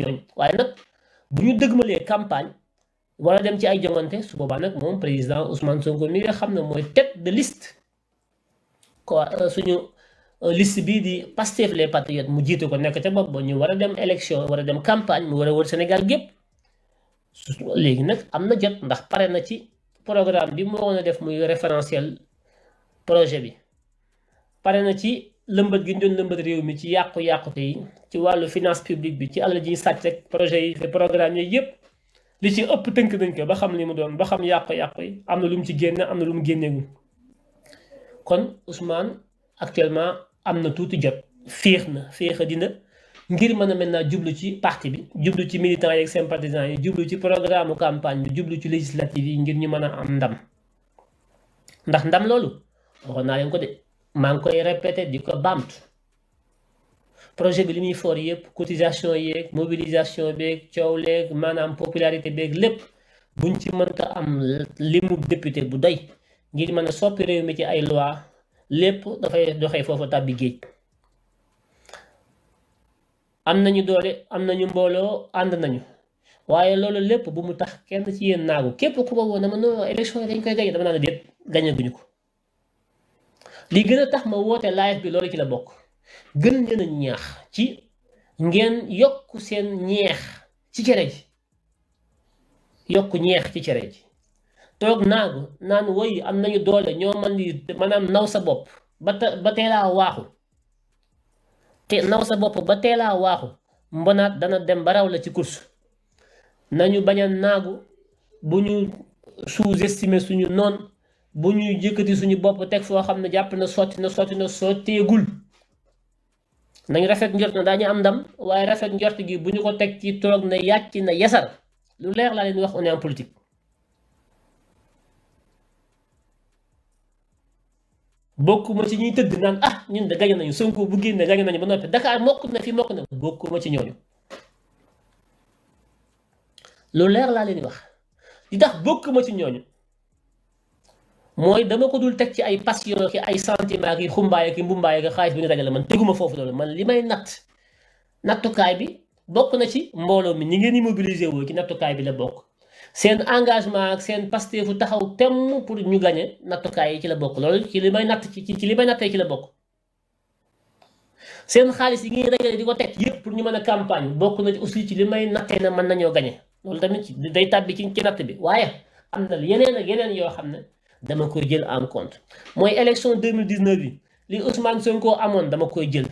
ñoom waaye nag bu ñu dëgmalee campagne wala dem ci ay jongante su boobaa nag moom président Ousmane Sonko mi nga xam ne mooy tête de liste quoi euh, suñu euh, liste bii di Pastef les patriotes mu jiite ko nekk ca bopp boo ñu war a dem élection war a dem campagne mu war a wër Sénégal gépp léegi nag am na jot ndax pare na ci programme bi mu waroon a def muy référentiel projet bi pare na ci lëmbat gi ñu doon lëmbat réew mi ci yàqu-yàqute yi ci wàllu finance publique bi ci àll ji ñu sàcc rek projet yi programme yi yëpp li ci ëpp tënk nañ ko ba xam li mu doon ba xam yàqu-yàqu yi am na lu mu ci génne am na lu mu génneegul kon Ousmane actuellement am na tuuti jot féex na féex a dina ngir mën a maintenant jublu ci parti bi jublu ci militants yeeg sympathisants yi jublu ci programme campagne bi jublu ci législative yi ngir ñu mën a am ndam ndax ndam loolu waxoon naa ko de. man koy répété diko ko projet bi limi for yëpp cotisation yeeg mobilisation beeg coow manam popularité beeg lepp buñ ci mënta am limu député bu doy ngir mëna a soppi réew mi ci ay loi lepp da fay doxé fofu tabbi geej am nañu doolé am nañu mbolo and nañu waaye loolu lepp bu mu tax kenn ci yeen naagu képp ku ma woon dama non élection dañ koy gañe dama naan déet gañaguñu ko li gën a tax ma woote live bi loolu ci la bokk gën leen a ñaax ci ngeen yokk seen ñeex ci cere ji yokk ñeex ci cere ji toog naagu naan woy am nañu doole ñoo man di maanaam naw sa bopp ba ba teelaa waaxu te naw sa bopp ba teelaa waaxu mbonaat dana dem ba baraw la ci course nañu bañ a naagu bu ñu sous-estimer suñu noon bu ñuy jëkkati suñu bopp teg foo xam ne jàpp na sotti na sotti na sotteegul nañ rafet njort na daañu am ndam waaye rafet njort gi bu ñu ko teg ci toog na yàcc na yasar lu leer laa leen wax on est en politique bokkuma ci ñuy tëdd naan ah, ñun de gañe nañu Sonko bu génne gañe nañu ba noppi Dakar mokk na fi mokk na bokkuma ci ñooñu leer laa leen wax li tax bokkuma ci ñooñu moy dama ko dul tek ci ay passion ki ay sentiment ki xumbay ki mbumbay ki xaliss bi ni dajale man teguma fofu loolu man limay nat natt nattukaay bi bok na ci mbolo mi ñi ngeen di mobiliser ki ci nattukaay bi la bok sen engagement ak seen pasteefu taxaw tem pour ñu gagner nattukaay yi ci la bok loolu ci limay nat ci ci limay may ci la bok sen xaliss yi ngeen dajale diko tek teg yëpp pour ñu mëna campagne bok na ci aussi ci limay naté na man nañu gagner loolu tamit day tàbbi ci ci natt bi waaye am na yeneen ak yeneen yo xamne dama koy en compte Moi élection 2019 les li Ousmane Sonko amoon dama koy jël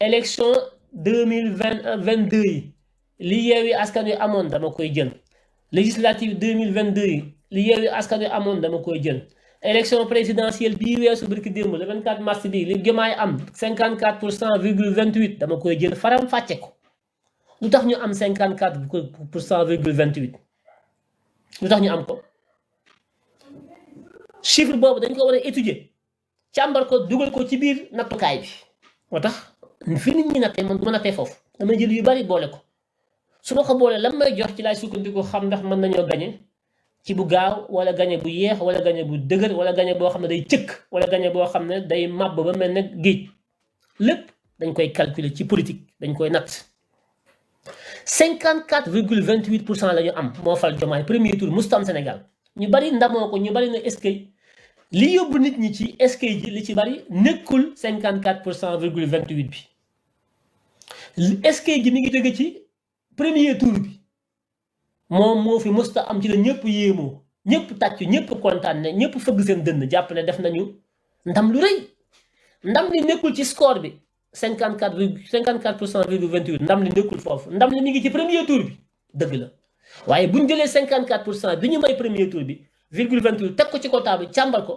élection 2020 22 yi li Yewwi Askan Wi amoon dama koy législative 2022 yi li Yewwi Askan Wi amoon dama koy élection présidentielle bii weesu barki le 24 mars bii li Diomaye am 54,28 pour cent virgule dama koy jël faram fàcce ko ñu am 54,28, pour 28 ñu chiffre boobu dañ ko war a étudier càmbar ko dugal ko ci biir nattukaay bi moo tax fi nit ñi nattee man du ma nattee foofu damay jël yu bari boole ko su ma ko boolee lan may jox ci laay sukkandiku xam ndax mën nañoo gañe ci bu gaaw wala gañe bu yeex wala gañe bu dëgër wala gañe boo xam ne day cëkk wala gañe boo xam ne day màbb ba mel ne géej lépp dañ koy calculer ci politique dañ koy natt 54 virgule 28 pour cent la ñu am moo fal Diomaye premier tour musta am na li yóbbu nit ñi ci eskay ji li ci bari nekkul cinquante quatre pour cent virgule vingt huit bi eskay ji mi ngi jóge ci premier tour bi moom moo fi musta am ci la ñëpp yéemoo ñëpp tàcc ñëpp kontaan ne ñëpp fëgg seen dënn jàpp ne def nañu ndam lu rëy ndam li nekkul ci score bi cinquante quatre virgule cinquante quatre pour cent virgule vingt huit ndam li nekkul foofu ndam li mi ngi ci premier tour bi dëgg la waaye bu ñu jëlee cinquante quatre pour cent bi ñu may premier tour bi. virgule 28 teg ko ci comptable bi càmbal ko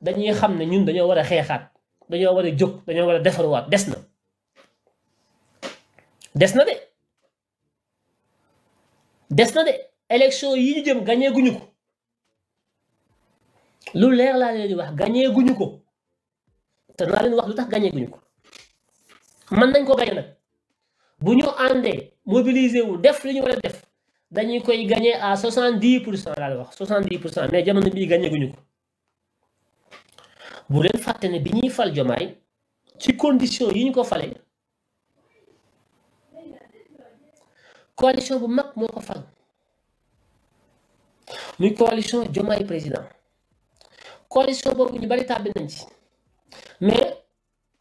dañuy xam ne ñun dañoo war a xeexaat dañoo war a jóg dañoo war a defaruwaat des na des na de des na de élection yi ñu jëm gañee guñu ko lu leer laa leen di wax gañee guñu ko te naa leen wax lu tax gañee guñu ko mën nañ ko gañe nag bu ñu àndee mobiliser wu def lu ñu war a def dañuy koy gagné à 70% alors 70% mais la wax 70% mais jamono bi gagné guñu ko bu len faté né bi fal jomay ci condition yi ñu ko coalition bu mak moko fal muy coalition jomay président coalition boobu ñu bari tabé nañ ci mais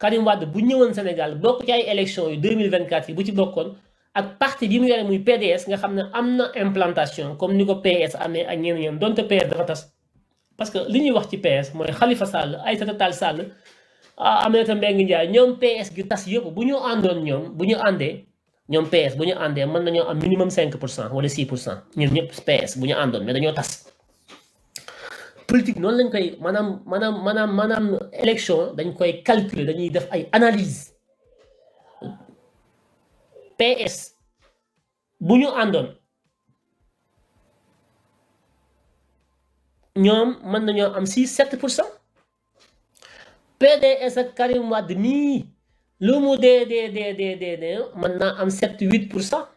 Karim Wad bu ñëwoon Sénégal bokk ci ay élections yu 2024 yi bu ci bokkoon ak parti bi mu yore muy PDS nga xam ne am na implantation comme ni ko PS amee ak ñeneen ñoom donte PS dafa tas. parce que li ñuy wax ci PS mooy Khalifa Sall Aïssata Tall Sall ah, Aminata Mbengue Ndiaye ñoom PS gi tas yëpp bu ñu àndoon ñoom bu ñu àndee ñoom PS bu ñu àndee mën nañoo am minimum 5 wala 6 pour cent ñun ñëpp PS bu ñu àndoon mais dañoo tas politique non lañ koy manam manam manam manam élection dañ koy calculer dañuy def ay analyse PS buñu andon ñom man nañu am 6 7% PDS ak Karim Wade ni lu mu dé dé dé dé am 7 8%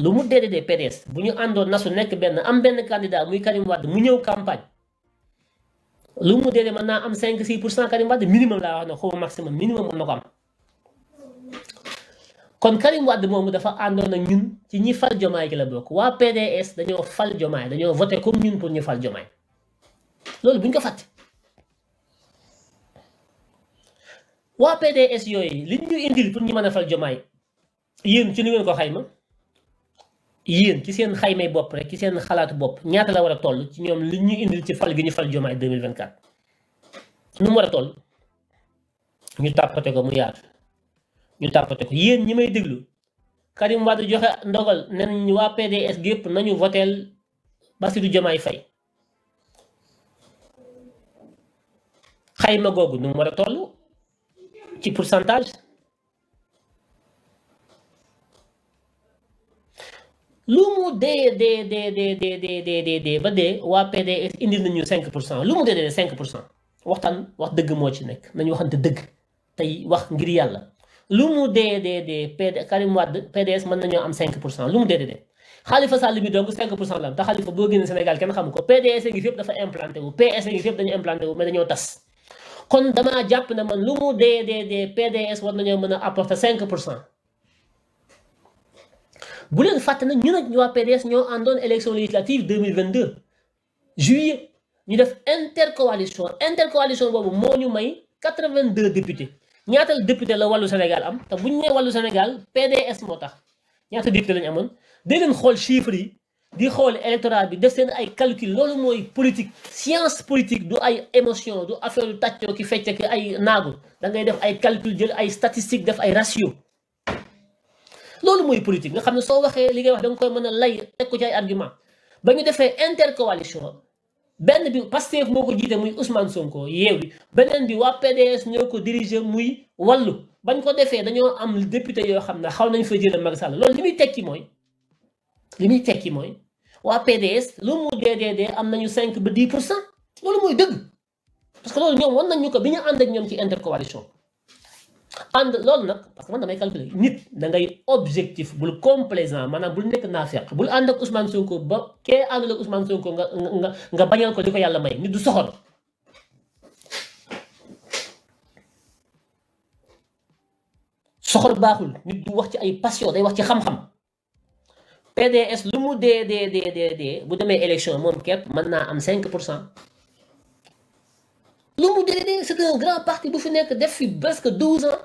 lu mu dee dee PDS bu ñu àndoon nasu nekk benn am benn candidat muy Karim Wade mu ñëw campagne lu mu dee dee mën naa am cinq 6 pour cent Karim Wade minimum laa wax ne xaw maximum minimum mën na ko am. kon Karim Wade moomu dafa àndoon ak ñun ci ñi fal jomaay ki la bokk waa PDS dañoo fal jomaay dañoo voté comme ñun pour ñu fal jomaay loolu bu ñu ko fàtte. waa PDS yooyu li ñu indil pour ñu mën a fal jomaay yéen ci li ngeen ko xayma. yéen ci seen xaymay bopp rek ci seen xalaatu bopp ñaata la war a toll ci ñoom li ñu indil ci fal gi ñu fal Diomaye 2024 nu mu war a toll ñu tàppate ko mu yaatu ñu tàppate ko yéen ñi may déglu Karim Wade joxe ndogal nen waa PDS gépp nañu voteel Bassirou Diomaye Faye xayma googu nu mu war a toll ci pourcentage lu mu dee dee dee dee dee dee dee ba dee waa PDS indil nañu cinq pour cent lu mu dee dee 5 pour cent waxtaan wax dëgg moo ci nekk nañu waxante dëgg tey wax ngir yàlla lu mu dee dee dee PD Karim PDS mën nañoo am 5 pour cent lu mu dee dee Khalifa Sall bi donc 5 pour cent la am te Khalifa boo génnee kenn xam ko PDS ngi fépp dafa implanté wu PS ngi fépp dañu implanté wu mais dañoo tas kon damaa jàpp ne man lu mu dee dee PDS war nañoo mën a apporter 5 pour cent. bu leen fàtte nous ñun ak PDS ñoo àndoon élection législative 2022 juillet ñu def intercoalition intercoalition nous avons ñu may 82 députés ñaatal député la wàllu Sénégal am ta bu ñu nee Sénégal PDS moo tax un député lañu amoon day leen xool chiffres yi di xool électorat bi def seen ay calcul politique science politique du ay émotion du affaire tàccoo ki fecce ki ay naagu da ngay def ay calcul jël ay statistiques def ay ratio loolu moy politique nga xamne so waxe li ngay wax dang koy meuna lay tek ko ci ay argument bañu defé intercoalition ben bi pasteur moko jité muy Ousmane Sonko yew bi benen bi wa PDS ñoko diriger muy Wallu bañ ko defé dañu am député yo xamne xaw nañ fa jëlé Macky Sall loolu li tekki moy li tekki moy wa PDS lu mu DDD am nañu 5 ba 10 pour moy deug parce que loolu ñom won nañ ñu ko bi ànd ak ñom ci intercoalition. ànd loolu nag parce que man damay calculer nit da ngay objectif bul complaisant maanaam bul nekk naafeq bul ànd ak Ousmane Sonko ba kee àndul ak Ousmane Sonko nga nga nga bañal ko li ko yàlla may nit du soxor. soxor baaxul nit du wax ci ay passion day wax ci xam-xam PDS lu mu dee dee dee dee bu demee élection moom képp mën naa am 5 pour cent lu mu dee dee c'est un grand parti bu fi nekk def fi presque 12 ans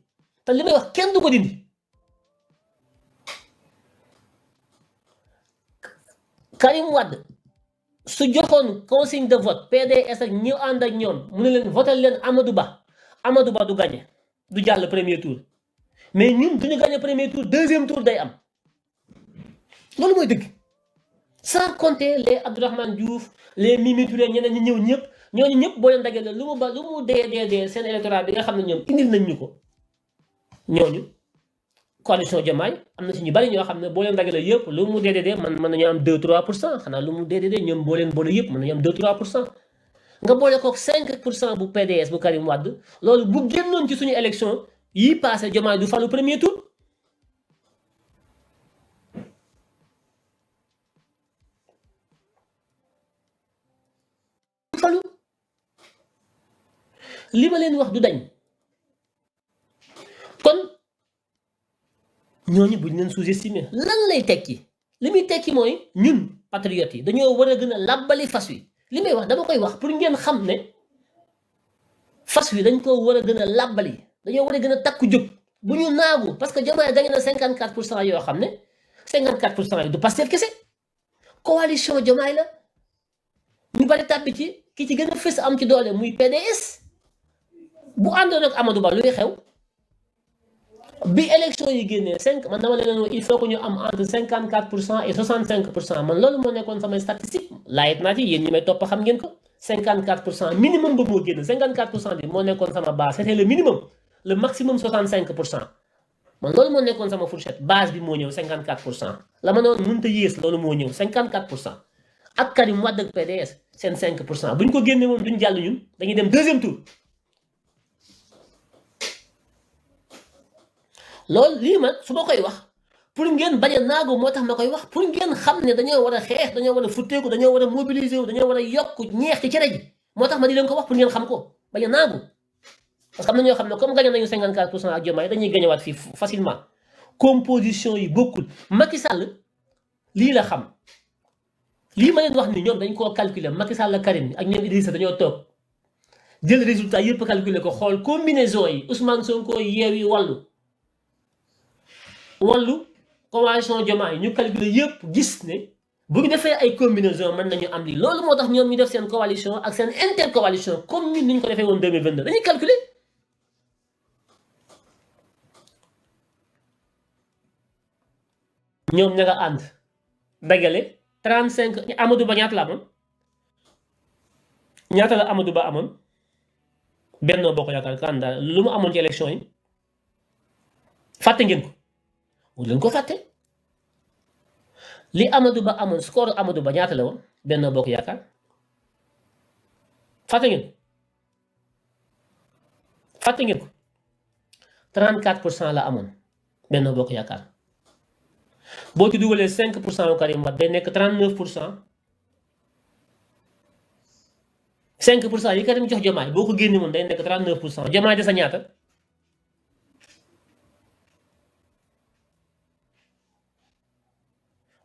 te li may wax kenn du ko dindi Karim Wade su joxoon consigne de vote PDS ak ñi ànd ak ñoom mu ne leen votal leen Amadou Ba Amadou Ba du gagné du jàll premier tour mais ñun duñu gagné premier tour deuxième tour day am loolu mooy dëgg sans compter les Abdourahmane Diouf les Mimi Touré ñeneen ñi ñëw ñëpp ñooñu ñëpp boo leen daggee lu mu ba lu mu dee dee dee seen électorat bi nga xam ne ñoom indil nañ ñu ko. ñooñu coalition Diomaye am na ci ñu bari ñoo xam ne boo leen dagale yëpp lu mu dee dee man mën nañu am 2 3 pour cent xanaa lu mu dee dee ñoom boo leen boole yëpp mën nañu am 2 3 pour cent nga boole kook 5 pour cent bu PDS bu Karim Wade loolu bu génnoon ci suñu élection yi passé Diomaye du falu premier tour. du li ma leen wax du dañ. kon ñooñu buñ leen sous-estimer lan lay tekki li muy tekki mooy ñun patriotes yi dañoo war a gën a làbbali fas wi li may wax dama koy wax pour ngeen xam ne fas wi dañ koo war a gën a làbbali dañoo war a gën a takk jóg bu ñu naagu parce que Diomaye gañe na 54 pour cent yoo xam ne 54 pour cent yi du Pastef kese coalition Diomaye la ñu bari tàbbi ci ki ci gën a fës am ci doole muy PDS bu àndoon ak Amadou Ba luy xew. bi élection yi génnee cinq man dama leen wax il faut ñu am entre cinquante quatre pour cent et soixante cinq pour cent man loolu moo nekkoon samay statistique laayit naa ci yéen ñi may topp xam ngeen ko cinquante quatre pour cent minimum ba moo génn cinquante quatre pour cent bi moo nekkoon sama base c'était le minimum le maximum soixante cinq pour cent man loolu moo nekkoon sama fourchette base bi moo ñëw cinquante quatre pour cent ak Karim Wade loolu lii ma su ma koy wax pour ngeen bañ a naagu moo tax ma koy wax pour ngeen xam ne dañoo war a xeex dañoo war a futteeku dañoo war a mobiliser wu dañoo war a yokk ñeex ci cere ji moo tax ma di leen ko wax pour ngeen xam ko bañ a naagu parce am na ñoo xam ne comme gagné nañu 54 pour cent ak Diomaye dañuy gagné waat fii yi bokkul Macky Sall lii la xam lii ma leen wax ni ñoom dañ koo calculer Macky Sall ak ak ñoom Idrissa dañoo toog jël résultat yëpp calculer ko xool combinaison yi Ousmane Sonko yeew yi wàllu wallu coalition Diomaye ñu calculer yépp gis né buñu défé ay combinaison mën nañu am lii lolu motax ñom ñu def sen coalition ak seen intercoalition comme ni ñu ko défé won 2022 dañuy calculer ñom ñaga and dagalé dagale 35 Amadou Ba ñaata la amoon ñaata la Amadou Ba amon Benno Bokk Yaakaar kanda lu mu amoon ci élection yi faté ngeen ko bu leen ko fàtte li Amadou Ba amoon score Amadou Ba ñaata la woon benn bokk yaakaar fàtte ngeen ko fàtte ngeen ko 34 pour cent la amoon benn bokk yaakaar boo ci dugalee cinq pour cent wu Karim Wade day nekk 39 pour cent 5 pour cent yi Karim jox Diomaye boo ko génne woon day nekk 39 pour cent Diomaye des a ñaata.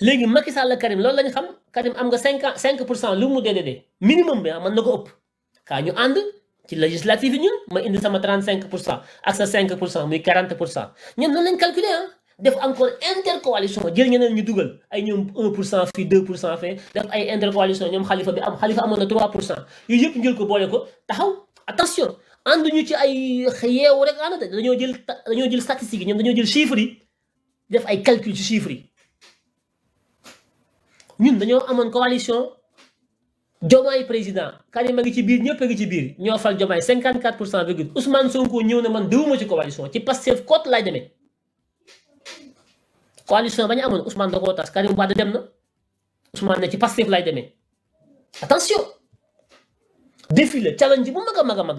léegi Macky Sall Karim loolu la xam Karim am nga cinq cinq pour cent lu mu dee dee minimum bi ah na ko ëpp kaa ñu ànd ci législative yi ma indi sama cinq pour cent ak sa 5 pour cent muy 40 pour cent ñun noonu lañ calculer ah def encore intercoalition ñu dugal ay ñoom 1 pour cent fii 2 pour ñoom xalifa bi am xalifa na 3 pour cent yooyu yëpp njël ko boole ko taxaw attention ànd ñu ci ay yeewu rek ànd ah, dañoo jël dañoo jël statistiques yi ñoom dañoo jël chiffres yi def ay calcul ci chiffres yi ñun dañoo amone coalition Diomaye président Karim a ngi ci biir ñëpp a ngi ci biir ñoo fal 54 Ousmane Sonko ñew ne man déwuma ci coalition ci Pastef côte la démé coalition ba amone Ousmane dako tass Karim Ba dem na Ousmane ne ci Pastef la démé attention défi le challenge bu maga a mag mag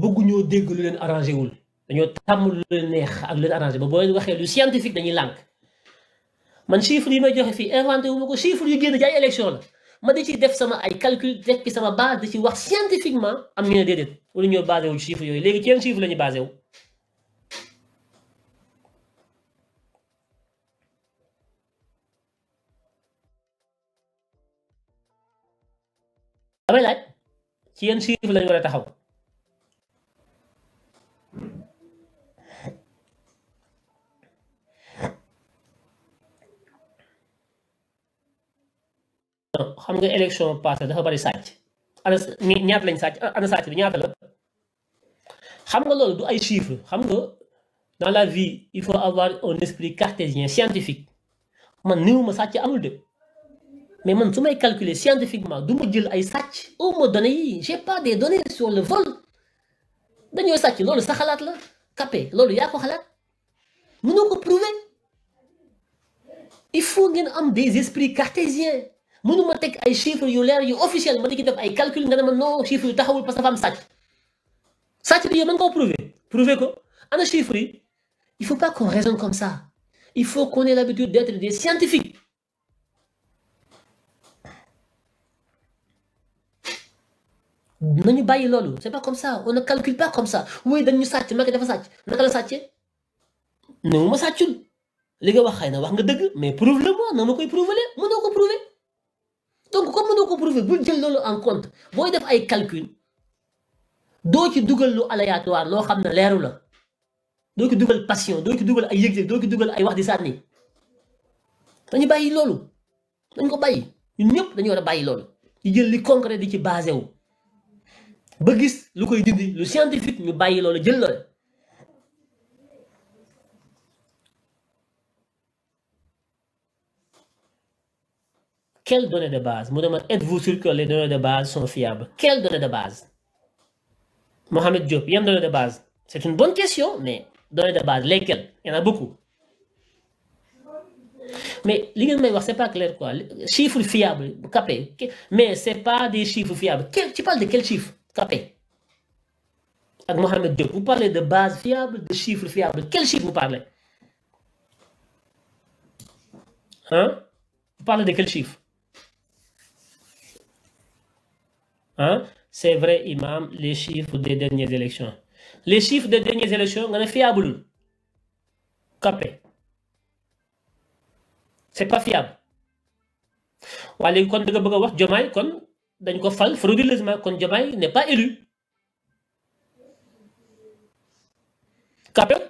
bëgguñoo dégg lu leen arrangé wul dañoo tàmm lu leen neex ak lu leen arrangé ba boo leen waxee lu scientifique dañuy lànk man chiffre yi may joxe fii inventé wu ma ko chiffre yu génn jaay élection la ma da ci def sama ay calcul def ci sama base da ci wax scientifiquement am ñu ne déedéet wala ñoo basé wu chiffre yooyu léegi ci yenn chiffre la ñu basé wu damay laaj ci yenn chiffre lañu war a taxaw xam nga élection passée dafa bari sàcc ana ñaata lañ sàcc ana sàcc bi ñaata la xam nga loolu du ay chiffre. xam dans la vie il faut avoir un esprit cartésien scientifique man niwuma sàcc amul de mais man su calculer scientifiquement du ma jël ay au données j'ai pas des données sur le vol dañoo sàcc loolu sa xalaat la capé loolu yaa ko xalaat mënoo prouver il faut ngeen am des esprits cartésiens mënu tek ay chiffres yu leer yu officiel ma di ci def ay calcul nga ne ma non chiffres yu taxawul parce que dafa am sàcc sàcc bi yow mën koo prouver prouver ko ana chiffres yi il faut pas qu'on raisonne comme ça il faut qu'on ait l'habitude d'être des scientifiques nañu bàyyi loolu c'est pas comme ça on ne calcule pas comme ça oui dañu sàcc Macky dafa sàcc naka la sàccee ne ma sàccul li nga wax xëy na wax nga dëgg mais prouve le moi ma koy prouver mënoo ko prouver donc comment nous prouver en compte si def ay calcul calculs, ci dugal lu aléatoire loo xam leeru la vous ci passion doo ci Ils ay yëg-yëg des ci avez ay wax di dañu vous dañ ko ñun dañu jël concret di ci basé wu ba gis lu koy dindi scientifique Quelles données de base êtes-vous sûr que les données de base sont fiables Quelles données de base Mohamed Diop, il y a une donnée de base. C'est une bonne question, mais données de base, lesquelles Il y en a beaucoup. Mais ce n'est c'est pas clair quoi. Chiffres fiables, capé. Mais n'est pas des chiffres fiables. Quel, tu parles de quel chiffre Capé. Avec Mohamed Diop, vous parlez de base fiable, de chiffres fiables. Quel chiffre vous parlez Hein Vous parlez de quel chiffre Hein? C'est vrai, Imam, les chiffres des dernières élections. Les chiffres des dernières élections, on est fiable. Capé. C'est pas fiable. Wale, quand de veux wax Jomai, kon dañ ko fal frauduleusement kon il n'est pas élu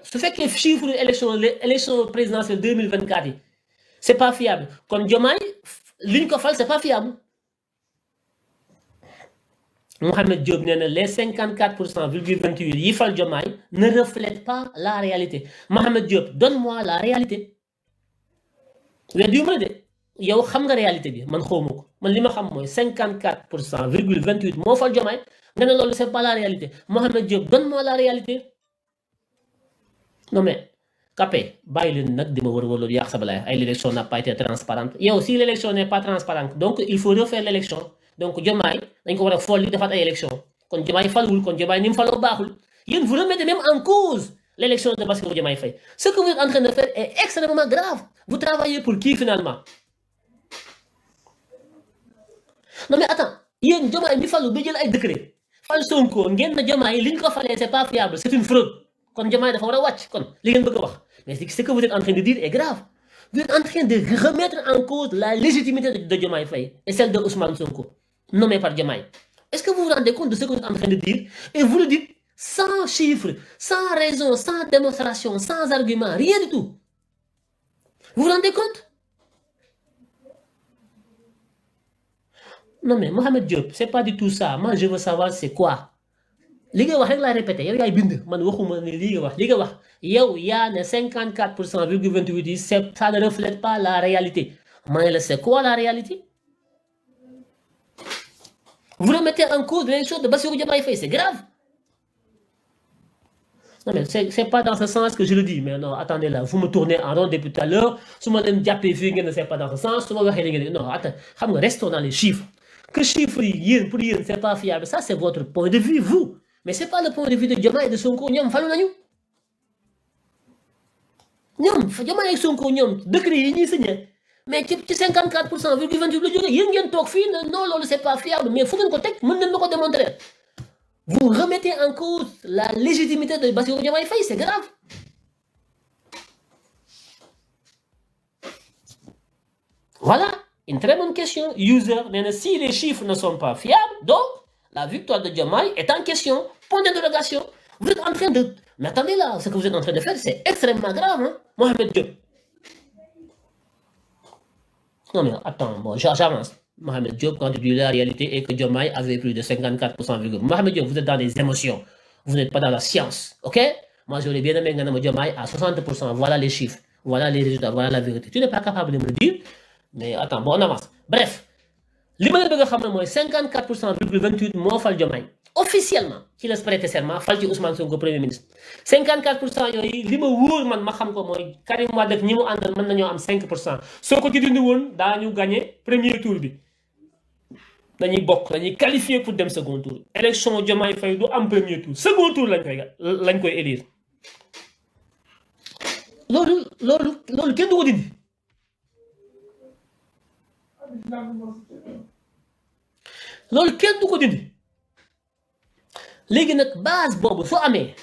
fait que les chiffre les élections présidentielle 2024 c'est pas fiable kon Diomaye liñ ko c'est pas fiable Mohamed Diop nee les 54,28% ne reflète pas la réalité Mohamed Diop donne-moi la réalité Il yu de yow xam nga réalité bi man xawma man li xam moy 54,28% mo ne c'est pas la réalité Mohamed Diop donne-moi la réalité non mais capé, bàyyi leen nag sa ay l'élection n'a pas été transparente yow si l'élection n'est pas transparente donc il faut refaire l'élection donc Diomaye dañ ko war a li defat ay élection kon Diomaye falul kon Diomaye nim mu baxul yeen vous remettez même en cause l'élection de Bassirou Diomaye Faye ce que vous êtes en train de faire est extrêmement grave vous travaillez pour qui finalement non mais attends yeen Diomaye ni falu ba jël ay décret fal Sonko ngén na Diomaye liñ ko falé c'est pas fiable c'est une fraude kon Diomaye dafa war a kon li ngeen bëgg wax mais ce que vous êtes en train de dire est grave vous êtes en train de remettre en cause la légitimité de Diomaye Faye et celle de Ousmane Sonko non mais par Diomaye. Est-ce que vous vous rendez compte de ce que vous êtes en train de dire Et vous le dites sans chiffres, sans raison, sans démonstration, sans argument, rien du tout. Vous vous rendez compte Non mais Mohamed Diop, c'est pas du tout ça. Moi, je veux savoir c'est quoi. Ligue wax rek répéter. yow yay bind man waxuma ne ligue wax li wax yow ya ne 54 ça ne reflète pas la réalité Mais ne c'est quoi la réalité vous le mettez en cause choses de Bassirou Diomaye fait, c'est grave. Non, mais c'est pas dans ce sens que je le dis. Mais non, attendez là, vous me tournez en rond depuis tout à l'heure. Si vous m'avez ne c'est pas dans ce sens. Non, attendez, restons dans les chiffres. Que chiffres, pour dire, c'est pas fiable. Ça, c'est votre point de vue, vous. Mais c'est pas le point de vue de Diama et de Sonko. Nous fallu nañu. Nous, Diomaye et Sonko, nous, décret, ils signé mais tu ci 54% quatre il cent virgule vingt ne non c'est pas fiable mais il faut ko teg mën nañ démontrer vous remettez en cause la légitimité de Bassi Diomaye Faye c'est grave voilà une très bonne question user Mais si les chiffres ne sont pas fiables donc la victoire de Diomaye est en question point d'interrogation vous êtes en train de mais attendez là ce que vous êtes en train de faire c'est extrêmement grave hein, Mohamed Diop non, mais attends, bon, j'avance. Mohamed Diop, quand tu dis la réalité est que Diomaye avait plus de 54% Mohamed Diop, vous êtes dans les émotions. Vous n'êtes pas dans la science. OK Moi, j'aurais bien aimé Ganamo Diomaye à 60%. Voilà les chiffres. Voilà les résultats. Voilà la vérité. Tu n'es pas capable de me le dire. Mais attends, bon, on avance. Bref. L'immobilier de 54%, 28%, fal Diomaye officiellement ci la prêté serment fal ci Ousmane Sonko premier ministre 54 pour cent yooyu li ma wóor man ma xam ko mooy Karim Wade ak ñi mu àndal mën nañoo am 5 pour cent soo ko ci dindi woon daañu gagné premier tour bi dañuy bokk dañuy qualifié pour dem second tour élection Diomaye Faye du am premier tour second tour lañ koy lañ koy élire loolu loolu kenn du ko dindi loolu kenn du ko dindi léegi nag base boobu su amee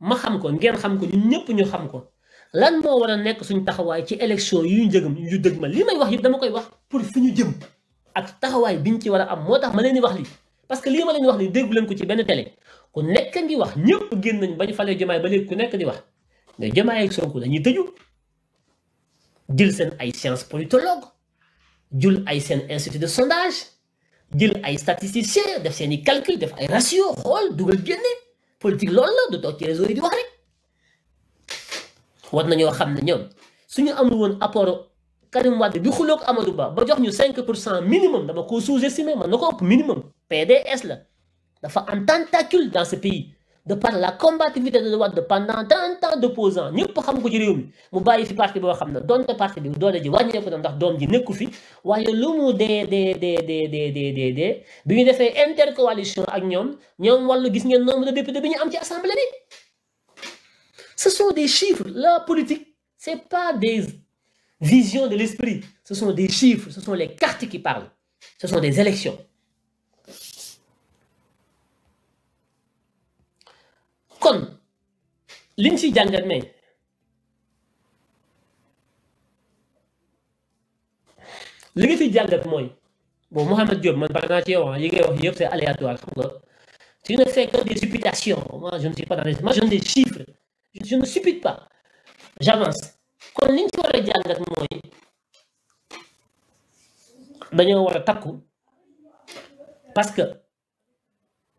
ma xam ko ngeen xam ko ñun ñëpp ñu xam ko lan moo war a nekk suñu taxawaay ci élection yu njëgam yu dëg ma li may wax yëpp dama koy wax pour fi ñu jëm ak taxawaay bi ñu ci war a am moo tax ma leen di wax lii parce que lii ma leen wax nii déggu ko ci benn tele ku nekk ngi wax ñëpp génn nañ ba ñu falee Diomaye ba léegi ku nekk di wax mais Diomaye ak Sonko dañuy tëju jël seen ay science politologue jël ay seen institut de sondage jël ay statisticiens def seen i calcul def ay ratio xool dugal génne politique loolu la du toog ci réseau yi di wax rek war nañoo xam ne ñoom suñu amul woon apport Karim Wade bi xuloog Amadou Ba ba jox ñu 5 minimum dama ko sous-estimé man na ko ëpp minimum PDS la dafa am tentacule dans ce pays de par la combativité de devoir pendant tant temps d'opposants ñëpp xam ko ci réew mi mu bàyyi fi parti boo xam ne donte parti bi doole ji wàññeeku na ndax doom ji nekku fi waaye dé dé dé dé dé dé dee dee dee dee bi ñu defee intercoalition ak ñoom ñoom wàllu gis ngeen nombre de députés bi am ci assemblée ce sont des chiffres la politique c'est pas des visions de l'esprit ce sont des chiffres ce sont les cartes qui parlent ce sont des élections kon liñ ci jàngat mais li nga fi jàngat mooy bon Mouhamed Diop man par naa ci yow li ngay wax yëpp c'est aléatoire xam nga tu ne fais que des supputations moi je ne suis pas dans les moi je des chiffres je ne suppute pas j'avance kon liñ ci war a jàngat mooy dañoo war a takku parce que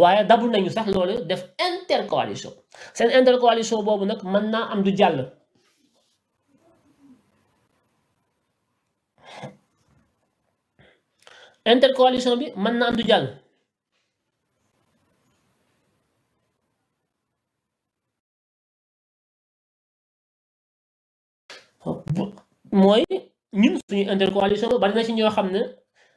waaye dabu nañu sax loolu def intercoalition seen intercoalition boobu nag mën naa am du jàll intercoalition bi mën naa am du jàll mooy ñun suñu intercoalition bari na ci ñoo xam ne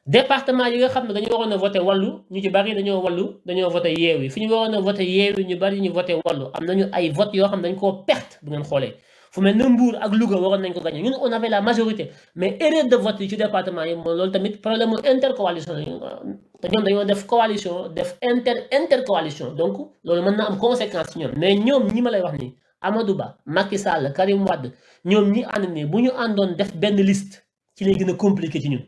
département yi nga xamne dañu waxone voter walu ñu ci bari dañu walu dañu voter yeewi fi ñu waroon a voté ñu bari ñu voter walu am nañu ay vote yo xamne dañ ko perte bu ngeen xolé fu mel ne Mbour ak Louga waroon nañ ko gagné ñun on avait la majorité mais erreur de vote ci département yi moom loolu tamit problème mu intercoalition la dañu def coalition def inter intercoalition donc loolu mën na am conséquence ñom mais ñom ñi ma lay wax ni Amadou Ba Macky Sall Karim Wade ñom ñi andé ne bu ñu àndoon def ben liste ci lay gën compliquer ci ñun.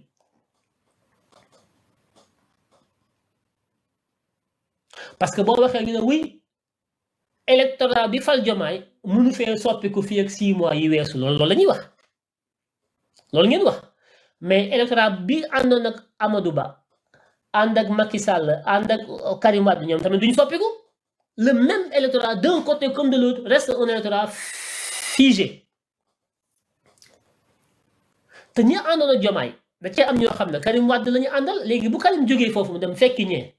parce que boo waxee ñu oui électorat bi fal jomaay mënu fee soppiku fi ak 6 mois yi wessu loolu loolu la wax loolu ngeen wax mais électorat bi àndoon ak Amadou Ba ànd ak Macky Sall ànd ak euh, Karim Wade ñoom tamit duñu soppiku le même électorat d'un côté comme de l'autre reste un électorat figé te ñi àndoon ak jomaay da ci am ñoo xam ne Karim wad la andal légui bu Karim joggé fofu mu dem fekki ñee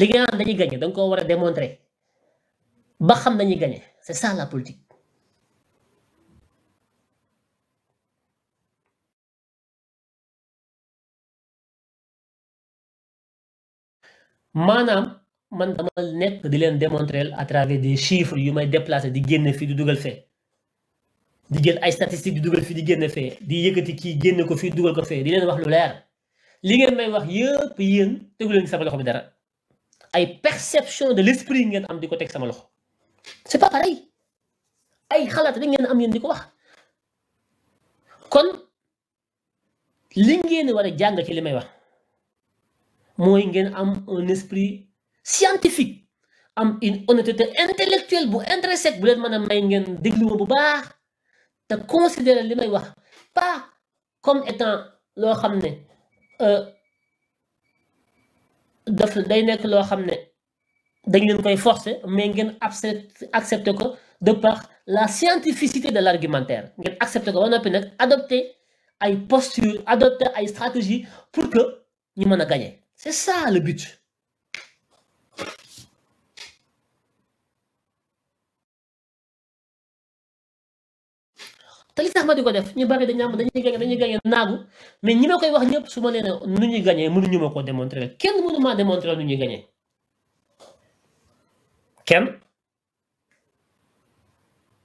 li nga xam dañuy gagné da nga koo démontrer ba xam nañuy gagné c'est ça la politique. Manam, man dama nekk di leen démontrer à travers des chiffres you may déplacer di génne fi di dugal fee di jël ay statistiques di dugal fii di génne fee di yëkkati ki génne ko fii dugal ko fee di leen wax lu leer li ngeen may wax yëpp yéen tegu leen ci sama loxo bi dara ay perception de l'esprit ngeen am diko tek sama loxo c'est pas pareil ay xalaat rek ngeen am yéen diko wax kon li ngeen wara jang ci limay wax moy ngeen am un esprit scientifique am une honnêteté intellectuelle bu intrinsèque bu len mën a may ngeen déglu ma bu baax ta considérer limay wax pas comme étant lo xamné euh daf day nekk loo xam ne dañ koy forcer mais ngeen ko de par la scientificité de l'argumentaire ngeen accepté ko ba noppi adopter ay posture adopter ay stratégie pour que ñu mën a gagner c'est ça le but tali tax ma ko def ñu bari dañu am dañuy gagne dañuy nagu mais ñi ma koy wax ñëpp suma leen nu ñuy mënu ñu mako démontrer kenn mënu ma démontrer nu ñuy gañee kenn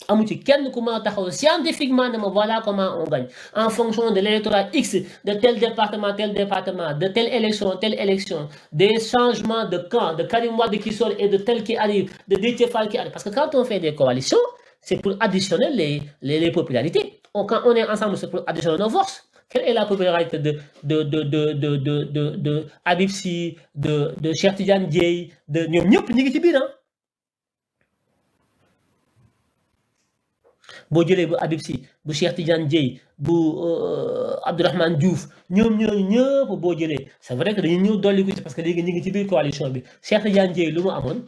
amu ci kenn ku ma taxaw scientifiquement ne voilà comment on gagne en fonction de l'électorat X de tel département tel département de telle élection telle élection des changements de camp de Karim Wade qui sort et de tel qui arrive de Déthié qui arrive parce que quand on fait des coalitions c'est pour additionner les, les, les popularités. On, quand on est ensemble, c'est pour additionner nos forces. Quelle est la popularité de, de, de, de, de, de, de, de Abipsi, de, de Cheikh Tidiane Dieye, de ñoom ñëpp ñu ngi ci biir ah. boo jëlee bu Abipsi bu Cheikh Tidiane bu euh, Abdourahmane Diouf ñëpp c'est vrai que dañuy ñëw dolli ko ci parce que léegi ñu ngi ci coalition bi Cheikh Tidiane Dieye lu mu amoon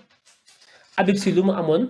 Abipsi lu Amon,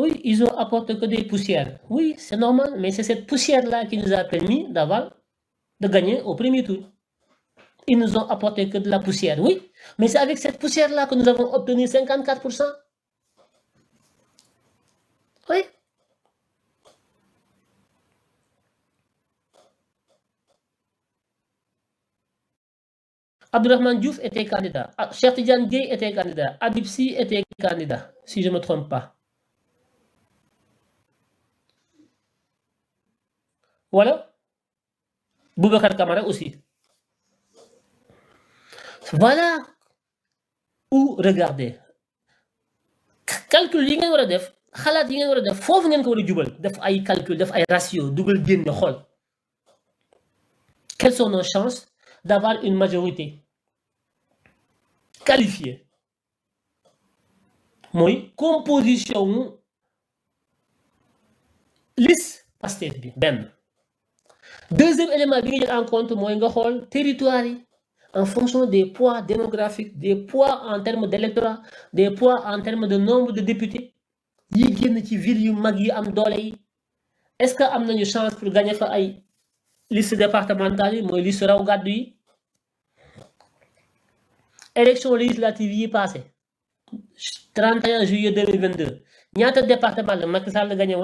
Oui, ils ont apporté que des poussières. Oui, c'est normal, mais c'est cette poussière-là qui nous a permis d'avoir, de gagner au premier tour. Ils nous ont apporté que de la poussière, oui, mais c'est avec cette poussière-là que nous avons obtenu 54%. Oui. Abdurrahman Diouf était candidat. Ah, Cheikh Gay était candidat. Adipsi était candidat, si je ne me trompe pas. Voilà. Boubacar Kamara aussi. Voilà où regardez. calcul yi ngeen calculer def Khalat yi ngeen war def foofu ngeen ko war def ay calcul def ay ratio gain de khol. quelles sont nos chances d'avoir une majorité qualifiée Moi, composition liste Pastef bien, deuxième élément bi nga en compte c'est nga territoire en fonction des poids démographiques des poids en termes d'électorat des poids en termes de nombre de députés yi génn ci ville yu mag train est-ce y a une chance pour gagner la liste départementale la passée. liste de gàddu yi élection législative passée passée. 31 juillet 2022 un département qui Macky Sall gagné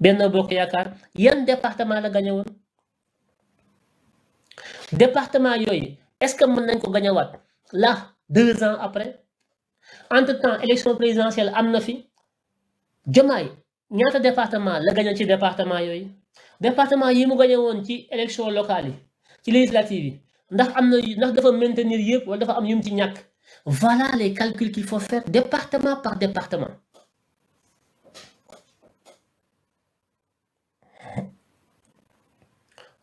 Benno Bokk Yaakaar yan département la gañe département est-ce que mën nañ ko la là deux ans après entre-temps élection présidentielle am na fi Diomaye ñaata département la gañe ci département yooyu département yi mu gañe ci élection locale yi ci législative yi ndax am na ndax dafa maintenir yëpp wala dafa am yum ci ñàkk voilà les calculs qu'il faut faire département par département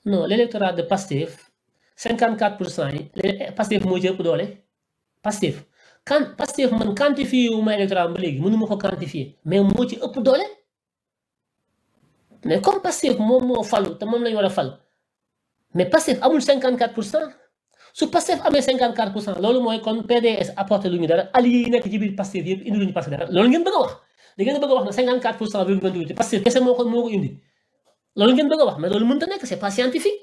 non l'électorat de Pastef 54 pour Pastef moo ci ëpp Pastef Quand Pastef man quantifié ou ma électorat ba léegi mënu quantifier mais moo ci ëpp doole mais comme Pastef moom moo falu te moom la ñu war mais Pastef amul 54 pour Pastef amee 54 pour cent loolu kon PDS apporté lu ñu dara alliés yi nekk ci biir Pastef yëpp indi lu ñu Pastef dara loolu ngeen bëgg a wax da ngeen bëgg wax 54 pour cent bi Pastef kese moo ko moo indi. loolu ngeen bëgg a wax mais loolu mënut a nekk c'est pas scientifique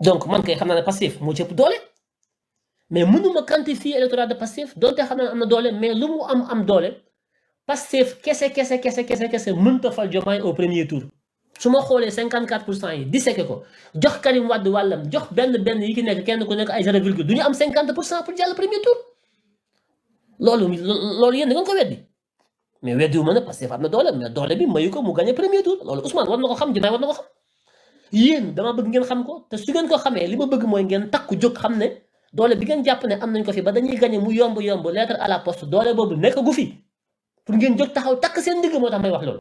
donc man kay xam naa ne Pastef moo ci ëpp doole mais mënuma quantifier électorat de Pastef donte xam naa ne am na doole mais lu mu am am doole Pastef kese kese kese kese kese fal Diomaye au premier tour su ma xoolee 54 pour cent yi disséqué ko jox Karim Wade wàllam jox benn benn yi ki nekk kenn ku nekk ay 0 virgule du ñu am 50 pour cent pour jàll premier tour. loolu loolu yéen da ngeen ko weddi mais weddi wu ma ne Pastef am na doole mais doole bi mayu ko mu gagné premier tour loolu Ousmane war na ko xam Diomaye war na ko xam yéen dama bëgg ngeen xam ko te su ngeen ko xamee li ma bëgg mooy ngeen takku jóg xam ne doole bi ngeen jàpp ne am nañ ko fi ba dañuy gagné mu yomb yomb lettre à la poste doole boobu nekk gu fi pour ngeen jóg taxaw takk seen ndigg moo tax may wax loolu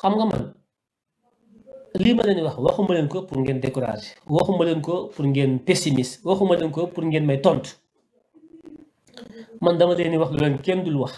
xam nga man lii ma leen wax waxuma leen ko pour ngeen découragé waxuma leen ko pour ngeen pessimiste waxuma leen ko pour ngeen may tontu man dama leen wax lu leen kenn dul wax